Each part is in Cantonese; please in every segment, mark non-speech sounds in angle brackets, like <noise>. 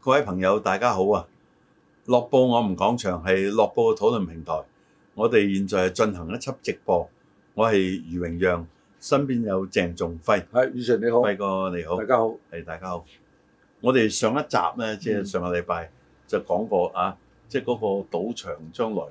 各位朋友，大家好啊！樂報我唔講場，係樂報嘅討論平台。我哋現在係進行一輯直播。我係余榮陽，身邊有鄭仲輝。係余、哎、Sir 你好，輝哥你好，大家好、哎，大家好，係大家好。我哋上一集呢，即、就、係、是、上個禮拜就講過啊，即係嗰個賭場將來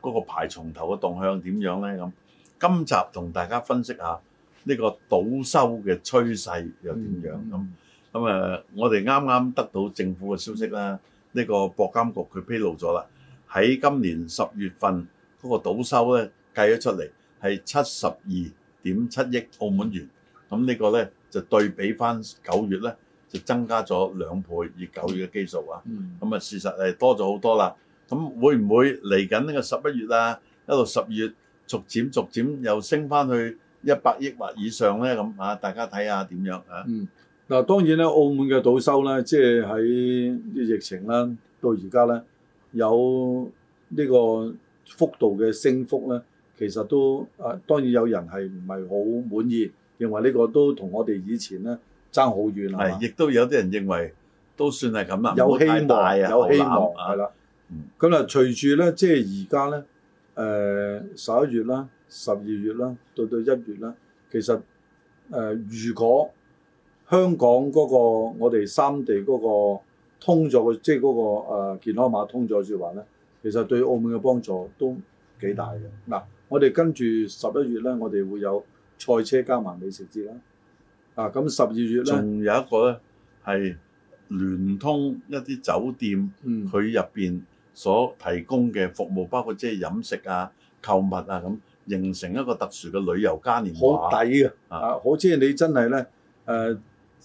嗰、那個排從頭嘅動向點樣呢？咁。今集同大家分析下呢、這個賭收嘅趨勢又點樣咁咁誒？我哋啱啱得到政府嘅消息啦，呢、這個博監局佢披露咗啦，喺今年十月份嗰、那個賭收咧計咗出嚟係七十二點七億澳門元，咁呢個呢，就對比翻九月呢，就增加咗兩倍以九月嘅基數啊，咁啊、嗯、事實係多咗好多啦。咁會唔會嚟緊呢個十一月啊，一到十月？逐漸逐漸又升翻去一百億或以上咧，咁啊！大家睇下點樣啊？嗯，嗱，當然咧，澳門嘅賭收咧，即係喺疫情啦，到而家咧有呢個幅度嘅升幅咧，其實都啊當然有人係唔係好滿意，認為呢個都同我哋以前咧爭好遠係，亦是吧都有啲人認為都算係咁啊，有希望啊，有希望係、啊、啦。咁啊、嗯嗯，隨住咧即係而家咧。誒十一月啦，十二月啦，到到一月啦。其實誒、呃，如果香港嗰、那個我哋三地嗰個通咗嘅，即係、那、嗰個、呃、健康碼通咗嘅說話咧，其實對澳門嘅幫助都幾大嘅。嗱、嗯，我哋跟住十一月呢，我哋會有賽車加埋美食節啦。啊，咁十二月呢，仲有一個呢，係聯通一啲酒店，佢入邊。所提供嘅服務，包括即係飲食啊、購物啊咁，形成一個特殊嘅旅遊嘉年華。是好抵嘅啊！好似你真係咧誒，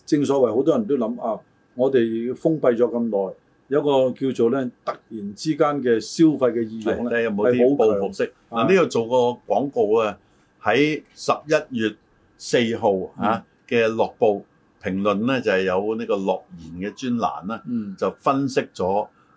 正所謂好多人都諗啊，我哋封閉咗咁耐，有一個叫做咧突然之間嘅消費嘅意願咧，有冇啲好報復式嗱？呢度、啊、做個廣告啊，喺十一月四號啊嘅《啊樂報》評論咧就係、是、有呢個樂言嘅專欄啦、啊，就分析咗、嗯。嗯。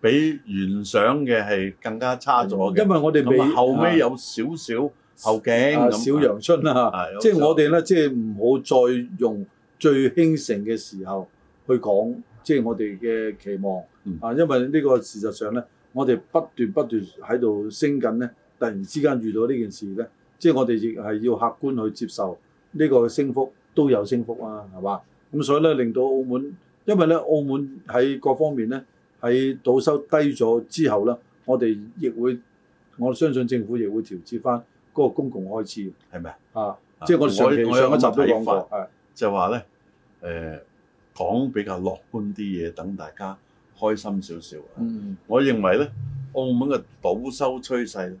比原想嘅係更加差咗，因為我哋後尾有少少後勁，啊、麼小陽春啊，即係、啊、我哋咧，即係唔好再用最興盛嘅時候去講，即係我哋嘅期望、嗯、啊，因為呢個事實上咧，我哋不斷不斷喺度升緊咧，突然之間遇到呢件事咧，即係我哋亦係要客觀去接受呢個升幅都有升幅啊，係嘛？咁所以咧，令到澳門，因為咧澳門喺各方面咧。喺賭收低咗之後啦，我哋亦會，我相信政府亦會調節翻嗰個公共開支，係咪啊？啊，即係我上上，我有上一集都講過，法就話咧誒講比較樂觀啲嘢，等大家開心少少，啊。嗯，我認為咧，澳門嘅賭收趨勢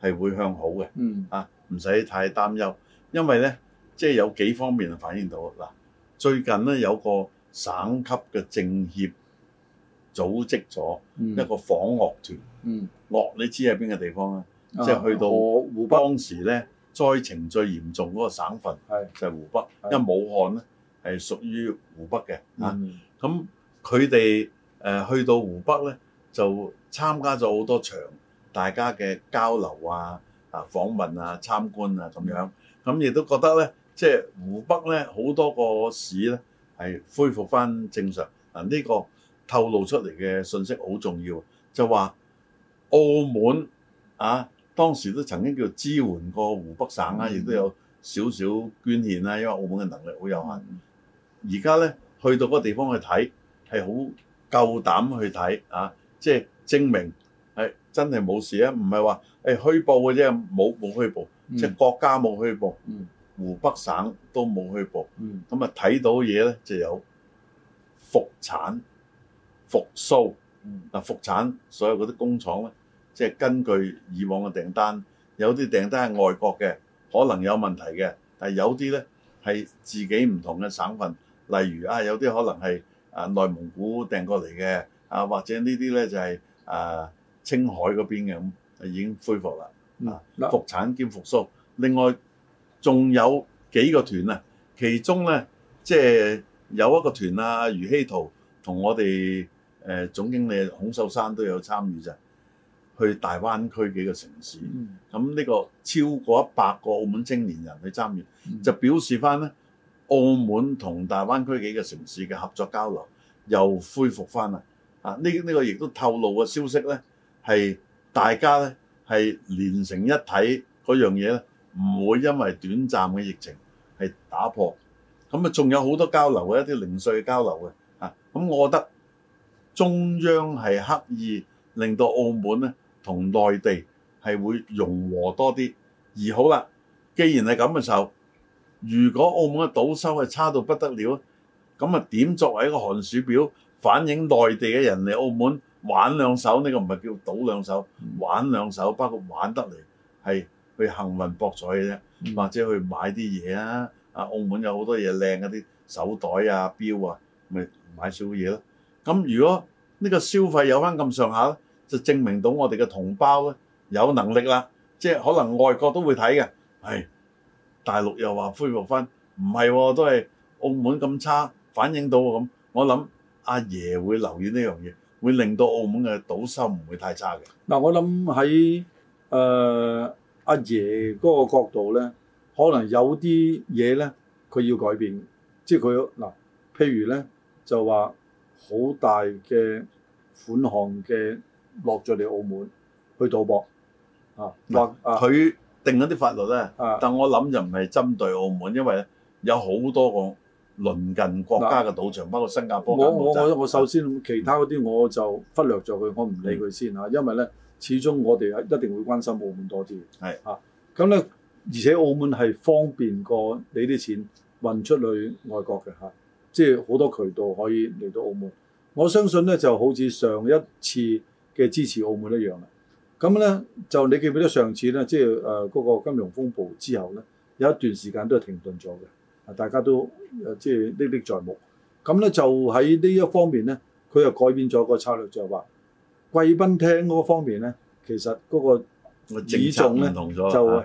係會向好嘅。嗯啊，唔使太擔憂，因為咧，即係有幾方面反映到嗱，最近咧有個省級嘅政協。組織咗一個訪鄂團，鄂、嗯嗯、你知係邊個地方咧？啊、即係去到湖北當時咧災情最嚴重嗰個省份，就係湖北，啊啊、因為武漢咧係屬於湖北嘅啊。咁佢哋誒去到湖北咧，就參加咗好多場大家嘅交流啊、啊訪問啊、參觀啊咁樣。咁亦都覺得咧，即係湖北咧，好多個市咧係恢復翻正常啊。呢個透露出嚟嘅信息好重要，就話澳門啊，當時都曾經叫支援過湖北省啦，亦、嗯、都有少少捐獻啦，因為澳門嘅能力好有限。而家咧去到嗰個地方去睇，係好夠膽去睇啊！即、就、係、係、證明係真係冇事啊，唔係話誒虛報嘅啫，冇冇虛報，即係、嗯、國家冇虛報，湖北省都冇虛報。咁啊睇到嘢咧就係、有復產。復甦嗱，復產，所有嗰啲工廠咧，即係根據以往嘅訂單，有啲訂單係外國嘅，可能有問題嘅，但係有啲咧係自己唔同嘅省份，例如啊，有啲可能係啊內蒙古訂過嚟嘅啊，或者呢啲咧就係啊青海嗰邊嘅咁，已經恢復啦啊，復產兼復甦。另外仲有幾個團啊，其中咧即係有一個團啊，於希圖同我哋。誒總經理孔秀山都有參與，就去大灣區幾個城市，咁呢、嗯、個超過一百個澳門青年人去參與，嗯、就表示翻咧澳門同大灣區幾個城市嘅合作交流又恢復翻啦。啊，呢、呢、呢個亦、呢個、都透露嘅消息咧，係大家咧係連成一體嗰樣嘢咧，唔會因為短暫嘅疫情係打破。咁啊，仲有好多交流嘅一啲零碎交流嘅啊，咁我覺得，中央係刻意令到澳門咧同內地係會融和多啲，而好啦，既然係咁嘅時候，如果澳門嘅賭收係差到不得了，咁啊點作為一個寒暑表反映內地嘅人嚟澳門玩兩手呢個唔係叫賭兩手，玩兩手包括玩得嚟係去幸運博彩嘅啫，或者去買啲嘢啊，啊澳門有好多嘢靚嗰啲手袋啊、錶啊，咪買少少嘢咯。咁如果呢個消費有翻咁上下咧，就證明到我哋嘅同胞咧有能力啦。即係可能外國都會睇嘅，係大陸又話恢復翻，唔係、哦、都係澳門咁差，反映到咁。我諗阿爺會留意呢樣嘢，會令到澳門嘅賭收唔會太差嘅。嗱、呃，我諗喺誒阿爺嗰個角度咧，可能有啲嘢咧，佢要改變，即係佢嗱，譬如咧就話。好大嘅款項嘅落咗嚟澳門去賭博啊，或佢、啊、定一啲法律咧，啊、但我諗又唔係針對澳門，因為咧有好多個鄰近國家嘅賭場，啊、包括新加坡。我我我，我首先其他嗰啲我就忽略咗佢，我唔理佢先啊，嗯、因為咧始終我哋一定會關心澳門多啲嘅。係啊，咁咧而且澳門係方便過你啲錢運出去外國嘅嚇。啊。即係好多渠道可以嚟到澳門，我相信咧就好似上一次嘅支持澳門一樣啦。咁咧就你記唔記得上次咧，即係誒嗰個金融風暴之後咧，有一段時間都係停頓咗嘅。啊，大家都誒、啊、即係歷歷在目。咁咧就喺呢一方面咧，佢又改變咗個策略，就話、是、貴賓廳嗰方面咧，其實嗰個比重咧就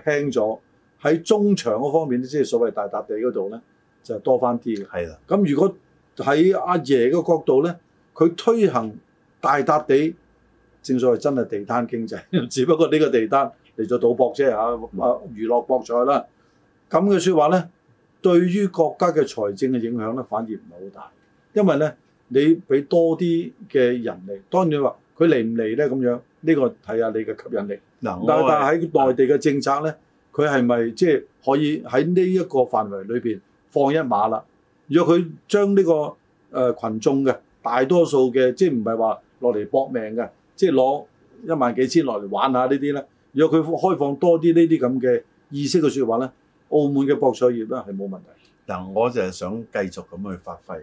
輕咗。喺、啊、中場嗰方面即係、就是、所謂大笪地嗰度咧。就多翻啲嘅，係啦的。咁如果喺阿爺嘅角度咧，佢推行大笪地，正所謂真係地攤經濟， <laughs> 只不過呢個地攤嚟咗賭博啫嚇、啊，啊、嗯、娛樂博彩啦。咁嘅説話咧，對於國家嘅財政嘅影響咧，反而唔係好大，因為咧你俾多啲嘅人嚟，當然話佢嚟唔嚟咧咁樣，呢、呢個睇下你嘅吸引力。嗱、嗯，但但喺內地嘅政策咧，佢係咪即係可以喺呢一個範圍裏邊？放一馬啦！如果佢將呢、這個誒羣、呃、眾嘅大多數嘅，即係唔係話落嚟搏命嘅，即係攞一萬幾千落嚟玩下呢啲咧。如果佢開放多啲呢啲咁嘅意識嘅説話咧，澳門嘅博彩業咧，係冇問題。但我就係想繼續咁去發揮，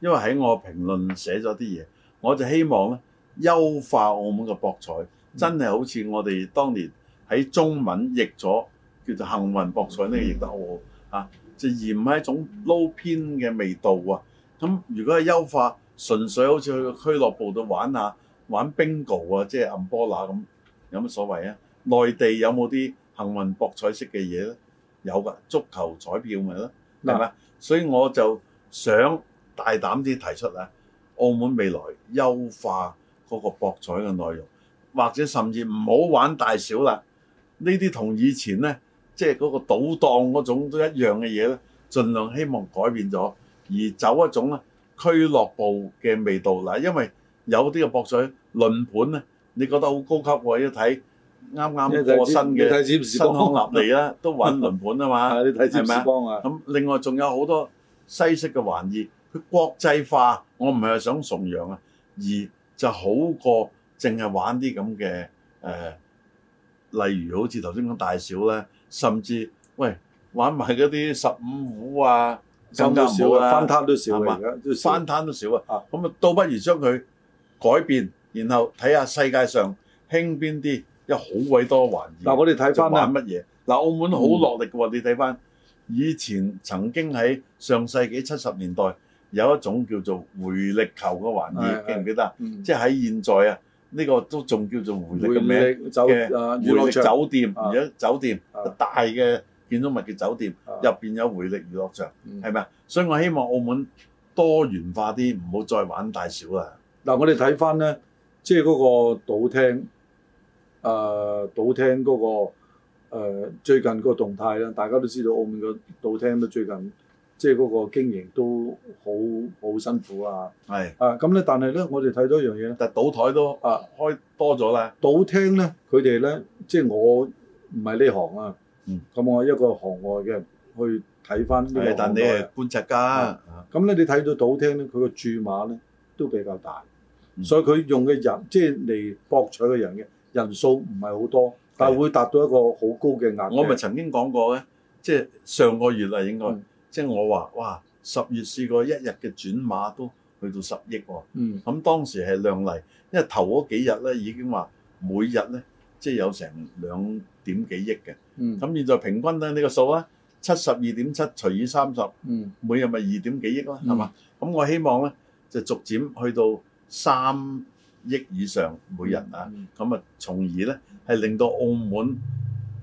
因為喺我評論寫咗啲嘢，我就希望咧優化澳門嘅博彩，嗯、真係好似我哋當年喺中文譯咗叫做幸運博彩呢個，譯得好好～、嗯就嫌唔係一種撈偏嘅味道啊！咁如果係優化，純粹好似去俱樂部度玩下玩 bingo 啊，即係暗波拿咁，有乜所謂啊？內地有冇啲幸運博彩式嘅嘢咧？有㗎，足球彩票咪咯，係咪？嗯。所以我就想大膽啲提出啊，澳門未來優化嗰個博彩嘅內容，或者甚至唔好玩大小啦，呢啲同以前咧。即係嗰個賭檔嗰種都一樣嘅嘢咧，儘量希望改變咗，而走一種咧俱樂部嘅味道嗱。因為有啲嘅博彩輪盤咧，你覺得好高級喎！一睇啱啱過新嘅新康立嚟啦，都搵輪盤啊嘛，係咪啊？咁另外仲有好多西式嘅玩意，佢國際化，我唔係話想崇洋啊，而就好過淨係玩啲咁嘅誒，例如好似頭先講大小咧。甚至喂玩埋嗰啲十五虎啊，咁都少啊，翻攤都少啊，而家翻攤都少啊。咁啊，倒不如將佢改變，然後睇下世界上興邊啲，有好鬼多玩意。嗱，我哋睇翻係，乜嘢？嗱，澳門好落力嘅喎，嗯、你睇翻以前曾經喺上世紀七十年代有一種叫做回力球嘅玩意，記唔記得啊？嗯、即係喺現在啊。嗯嗯呢個都仲叫做回力嘅咩嘅，回力，酒回力酒店，場而家酒店大嘅建築物嘅酒店，入邊，啊啊、有回力娛樂場，係咪啊？所以我希望澳門多元化啲，唔好再玩大小啦。嗱、嗯，我哋睇翻咧，即係嗰個賭廳，誒、呃、賭廳嗰、那個、呃、最近個動態啦，大家都知道澳門個賭廳都最近。即係嗰個經營都好好辛苦啊！係的啊，咁咧，但係咧，我哋睇到一樣嘢咧，但係賭台都啊開多咗啦，賭廳咧佢哋咧，即係我唔係呢行啊。咁、嗯、我一個行外嘅去睇翻呢個行內。但你係觀察家。咁咧、嗯嗯、你睇到賭廳咧，佢個注碼咧都比較大，嗯、所以佢用嘅人即係嚟博取嘅人嘅人數唔係好多，但係會達到一個好高嘅額。的我咪曾經講過咧，即係上個月啦，應該。嗯應該即係我話，哇！十月試過一日嘅轉碼都去到十億喎。咁當時係亮麗，因為頭嗰幾日咧已經話每日咧即係有成兩點幾億嘅。咁現在平均緊呢個數啦，七十二點七除以三十，每日咪二點幾億啦，係嘛？咁我希望咧就逐漸去到三億以上每人啊。咁啊，從而咧係令到澳門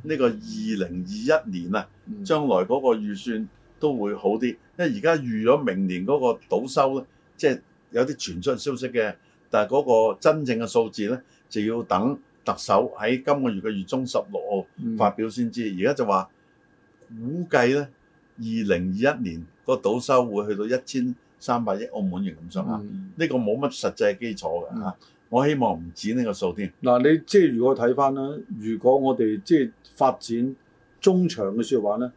呢個二零二一年啊，將來嗰個預算。都會好啲，因為而家預咗明年嗰個倒收咧，即係有啲傳出消息嘅，但係嗰個真正嘅數字咧，就要等特首喺今個月嘅月中十六號發表先知。而家、嗯、就話估計咧，二零二一年個倒收會去到一千三百億澳門元咁上下，呢、嗯、個冇乜實際基礎㗎嚇。嗯、我希望唔止呢個數添。嗱、嗯，嗯、你即係如果睇翻啦，如果我哋即係發展中長嘅説話咧。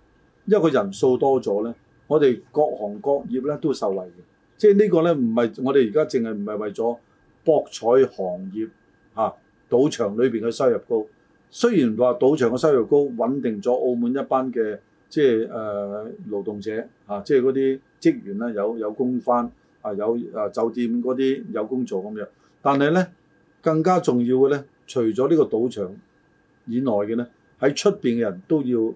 因為個人數多咗呢，我哋各行各業呢都受惠嘅。即係呢個呢，唔係我哋而家淨係唔係為咗博彩行業嚇、啊，賭場裏邊嘅收入高。雖然話賭場嘅收入高，穩定咗澳門一班嘅即係誒、呃、勞動者嚇、啊，即係嗰啲職員呢，有有工返啊，有誒酒店嗰啲有工作咁樣。但係呢，更加重要嘅呢，除咗呢個賭場以外嘅呢，喺出邊嘅人都要。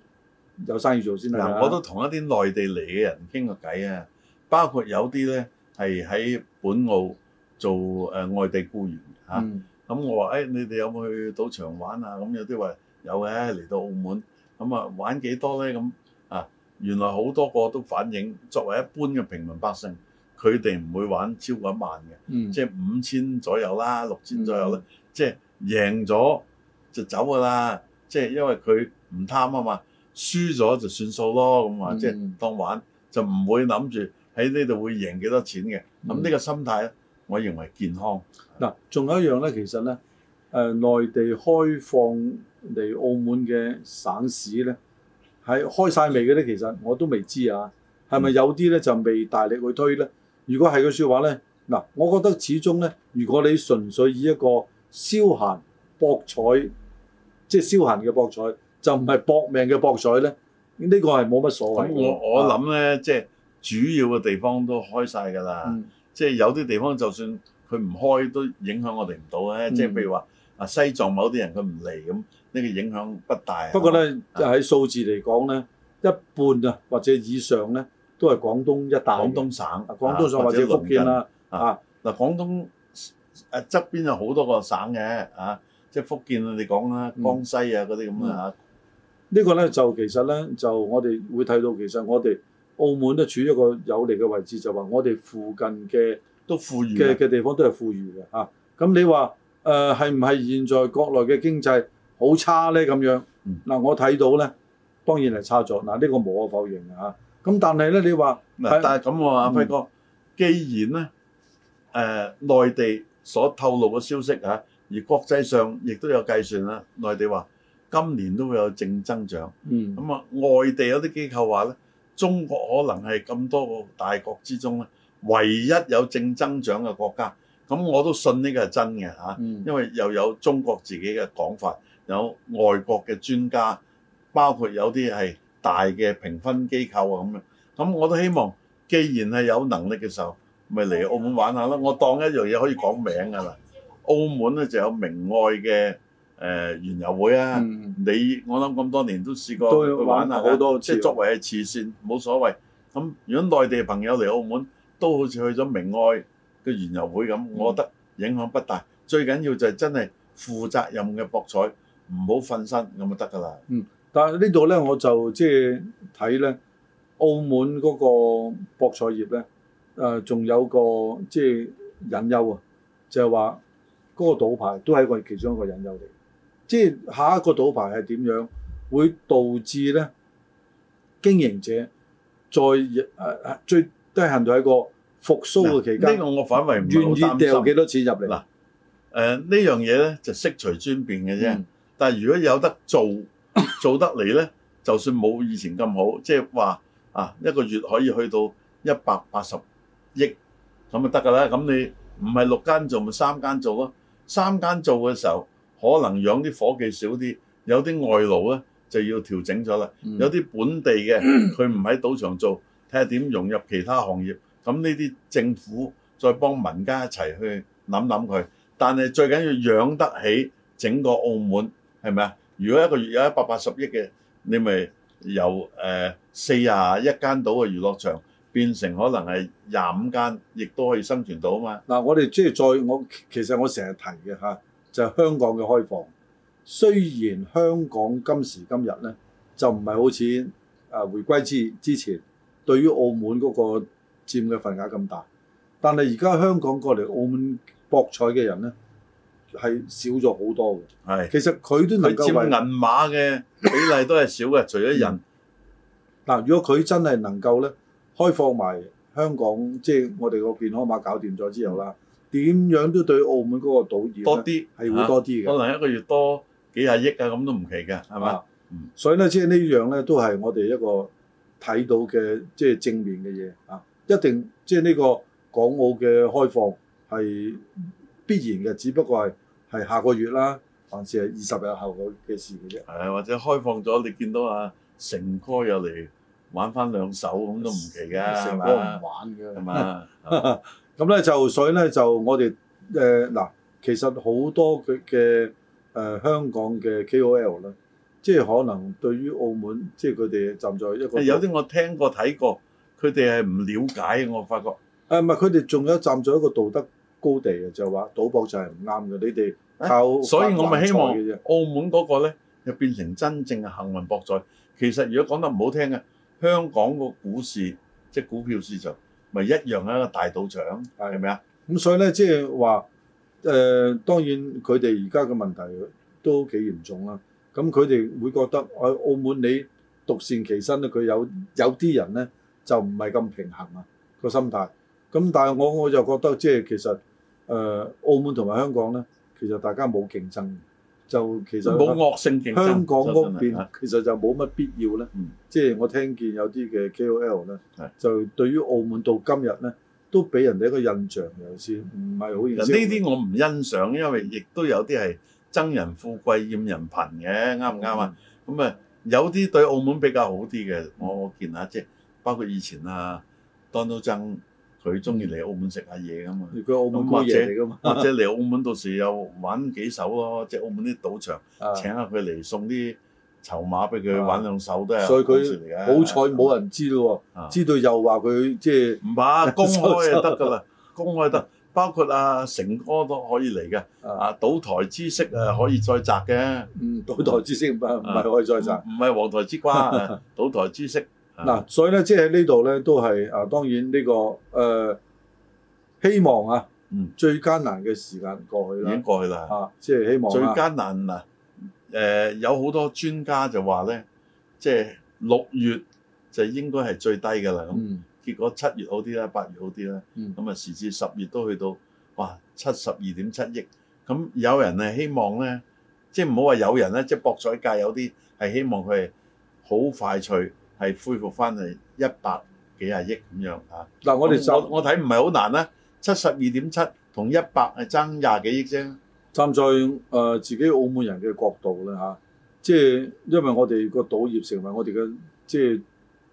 有生意做先啦。我都同一啲內地嚟嘅人傾個偈啊，包括有啲咧係喺本澳做誒、呃、外地僱員嚇。咁、嗯嗯、我話誒、哎，你哋有冇去賭場玩啊？咁、嗯、有啲話有嘅，嚟到澳門咁啊、嗯、玩幾多咧？咁、嗯、啊，原來好多個都反映，作為一般嘅平民百姓，佢哋唔會玩超過一萬嘅，嗯、即係五千左右啦，六千左右啦，即係贏咗就走噶啦，即係因為佢唔貪啊嘛。輸咗就算數咯，咁啊，即係當玩就唔會諗住喺呢度會贏幾多錢嘅。咁呢個心態咧，我認為健康。嗱、嗯，仲有一樣咧，其實咧，誒、呃、內地開放嚟澳門嘅省市咧，係開晒未嘅咧，其實我都未知啊。係咪有啲咧就未大力去推咧？如果係個説話咧，嗱、呃，我覺得始終咧，如果你純粹以一個消閒博彩，即係消閒嘅博彩。就唔係搏命嘅博彩咧，呢個係冇乜所謂。咁我我諗咧，即係主要嘅地方都開晒㗎啦。即係有啲地方就算佢唔開，都影響我哋唔到咧。即係譬如話啊，西藏某啲人佢唔嚟咁，呢個影響不大。不過咧，喺數字嚟講咧，一半啊或者以上咧，都係廣東一帶。廣東省啊，廣東省或者福建啦啊嗱，廣東啊側邊有好多個省嘅啊，即係福建你講啦，江西啊嗰啲咁啊。個呢個咧就其實咧就我哋會睇到，其實我哋澳門都處於一個有利嘅位置，就話我哋附近嘅都富裕嘅嘅地方都係富裕嘅嚇。咁、啊、你話誒係唔係現在國內嘅經濟好差咧？咁樣嗱、嗯啊，我睇到咧當然係差咗。嗱、啊，呢、這個無可否認啊。咁、啊、但係咧，你話但係咁喎，阿輝哥，既然咧誒、呃、內地所透露嘅消息嚇、啊，而國際上亦都有計算啦，內地話。今年都會有正增長，嗯，咁啊，外地有啲機構話咧，中國可能係咁多個大國之中咧，唯一有正增長嘅國家。咁我都信呢個係真嘅嚇，因為又有中國自己嘅講法，有外國嘅專家，包括有啲係大嘅評分機構啊咁樣。咁我都希望，既然係有能力嘅時候，咪嚟澳門玩下囉。我當一樣嘢可以講名㗎啦。澳門咧就有明愛嘅，誒、呃，園遊會啊！嗯、你我諗咁多年都試過去玩下好多，即係作為係慈善冇所謂。咁如果內地朋友嚟澳門，都好似去咗明愛嘅園遊會咁，嗯、我覺得影響不大。最緊要就係真係負責任嘅博彩，唔好瞓身咁就得㗎啦。嗯，但係呢度咧，我就即係睇咧澳門嗰個博彩業咧，誒、呃、仲有個即係隱憂啊，就係話嗰個賭牌都係一個其中一個隱憂嚟。即係下一個賭牌係點樣，會導致咧經營者再誒、啊、最低限度一個復甦嘅期間。呢、啊這個我反為唔好擔心。願意掉幾多錢入嚟。嗱、啊，誒、呃、呢樣嘢咧就適隨尊便嘅啫。嗯、但係如果有得做做得嚟咧，就算冇以前咁好，即係話啊一個月可以去到一百八十億咁就得噶啦。咁你唔係六間做咪、就是、三間做咯？三間做嘅時候。可能養啲伙計少啲，有啲外勞咧就要調整咗啦。嗯、有啲本地嘅佢唔喺賭場做，睇下點融入其他行業。咁呢啲政府再幫民間一齊去諗諗佢，但係最緊要養得起整個澳門係咪啊？如果一個月有一百八十億嘅，你咪由誒四十一間度嘅娛樂場變成可能係廿五間，亦都可以生存到啊嘛。嗱，我哋即係再我其實我成日提嘅嚇。就係香港嘅開放，雖然香港今時今日呢，就唔係好似誒回歸之之前對於澳門嗰個佔嘅份額咁大，但係而家香港過嚟澳門博彩嘅人呢，係少咗好多嘅。係，其實佢都能夠佔銀碼嘅比例都係少嘅，除咗人嗱、嗯。如果佢真係能夠呢，開放埋香港，即係我哋個健康碼搞掂咗之後啦。嗯點樣都對澳門嗰個賭業多啲係會多啲嘅，啊、可能一個月多幾廿億啊，咁都唔奇嘅，係嘛？啊嗯、所以咧，即、就、係、是、呢樣咧都係我哋一個睇到嘅即係正面嘅嘢啊！一定即係呢個港澳嘅開放係必然嘅，只不過係係下個月啦，還是係二十日後嘅事嘅啫。誒，或者開放咗，你見到啊成哥又嚟玩翻兩手，咁都唔奇㗎，係、啊、成哥唔玩㗎。吧 <laughs> <laughs> 咁咧就所以咧就我哋誒嗱，其實好多佢嘅誒香港嘅 KOL 咧，即係可能對於澳門，即係佢哋站在一個有啲我聽過睇過，佢哋係唔瞭解我發覺。誒唔係，佢哋仲有站在一個道德高地嘅，就係話賭博就係唔啱嘅。你哋靠，所以我咪希望澳門嗰個咧，又變成真正嘅幸運博彩。其實如果講得唔好聽嘅，香港個股市即係股票市場。咪一樣啦、啊，大賭場係咪啊？咁所以咧，即係話誒，當然佢哋而家嘅問題都幾嚴重啦。咁佢哋會覺得，喺澳門你獨善其身咧，佢有有啲人咧就唔係咁平衡啊個心態。咁、嗯、但係我我就覺得，即係其實誒澳門同埋香港咧，其實大家冇競爭。就其實冇惡性競爭，香港嗰邊其實就冇乜必要咧。嗯、即係我聽見有啲嘅 K O L 咧，嗯、就對於澳門到今日咧，都俾人哋一個印象，有時唔係好印象。呢啲、嗯嗯、我唔欣賞，因為亦都有啲係憎人富貴厭人貧嘅，啱唔啱啊？咁啊，嗯、有啲對澳門比較好啲嘅，我見下即係包括以前啊 Donald 曾佢中意嚟澳門食下嘢噶嘛，佢澳門或者嚟澳門到時又玩幾手咯，即係澳門啲賭場請下佢嚟送啲籌碼俾佢玩兩手，都係所以佢好彩冇人知道喎，知道又話佢即係唔怕公開就得噶啦，公開得，包括阿成哥都可以嚟嘅。啊，賭台知識啊可以再摘嘅，嗯，賭台知識唔係可以再摘，唔係黃台之瓜啊，賭台知識。嗱、啊，所以咧，即喺呢度咧，都係啊，當然呢、呢個誒、呃、希望啊，最艱難嘅時間過去啦，已經過去啦，啊，即、就、係、是、希望、啊、最艱難嗱，誒、呃、有好多專家就話咧，即係六月就應該係最低㗎啦，咁結果七月好啲啦，八月好啲啦，咁啊時至十月都去到哇七十二點七億，咁有人係希望咧，即係唔好話有人咧，即、就、係、是、博彩界有啲係希望佢係好快脆。係恢復翻嚟一百幾十億咁樣啊！嗱我、嗯，我哋就我睇唔係好難啦、啊，七十二點七同一百係爭廿幾億啫、啊。站在誒、呃、自己澳門人嘅角度啦嚇、啊，即係因為我哋個賭業成為我哋嘅即係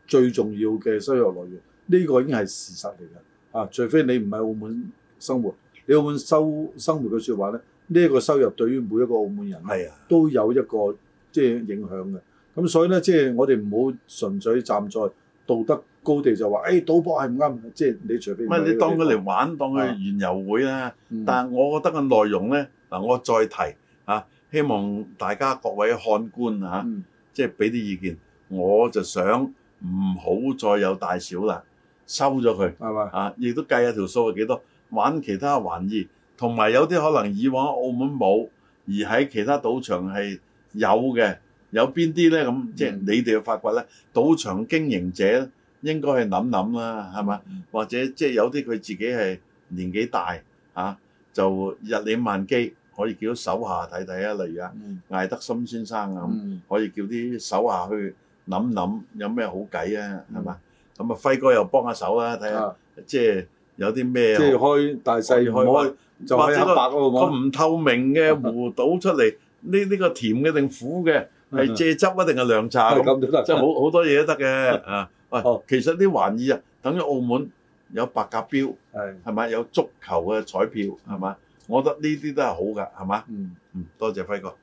最重要嘅收入來源，呢個已經係事實嚟嘅啊！除非你唔係澳門生活，你澳門收生活嘅說話咧，呢個收入對於每一個澳門人咧，啊、都有一個即係影響嘅。咁所以咧，即係我哋唔好純粹站在道德高地就話，誒、哎、賭博係唔啱，即係你隨便麼。唔係你當佢嚟玩，啊、當佢遊樂會啦。嗯、但係我覺得個內容咧，嗱我再提嚇、啊，希望大家各位看官嚇，啊嗯、即係俾啲意見。我就想唔好再有大小啦，收咗佢。係咪？啊，亦都計下條數係幾多，玩其他玩意，同埋有啲可能以往喺澳門冇，而喺其他賭場係有嘅。有邊啲咧？咁即係你哋要發掘咧。賭場經營者應該係諗諗啦，係嘛？或者即係有啲佢自己係年紀大嚇，就日理萬機，可以叫手下睇睇啊。例如啊，艾德森先生啊，可以叫啲手下去諗諗，有咩好計啊？係嘛？咁啊，輝哥又幫下手啊，睇下即係有啲咩啊？即係開大細開，或者個唔透明嘅糊倒出嚟，呢呢個甜嘅定苦嘅？係蔗汁，一定係涼茶咁，即係好好 <laughs> 多嘢都得嘅啊！喂， <laughs> 其實啲玩意啊，等於澳門有白鴿標，係係咪？有足球嘅彩票係咪？我覺得呢啲都係好噶，係嘛？嗯嗯，多謝輝哥。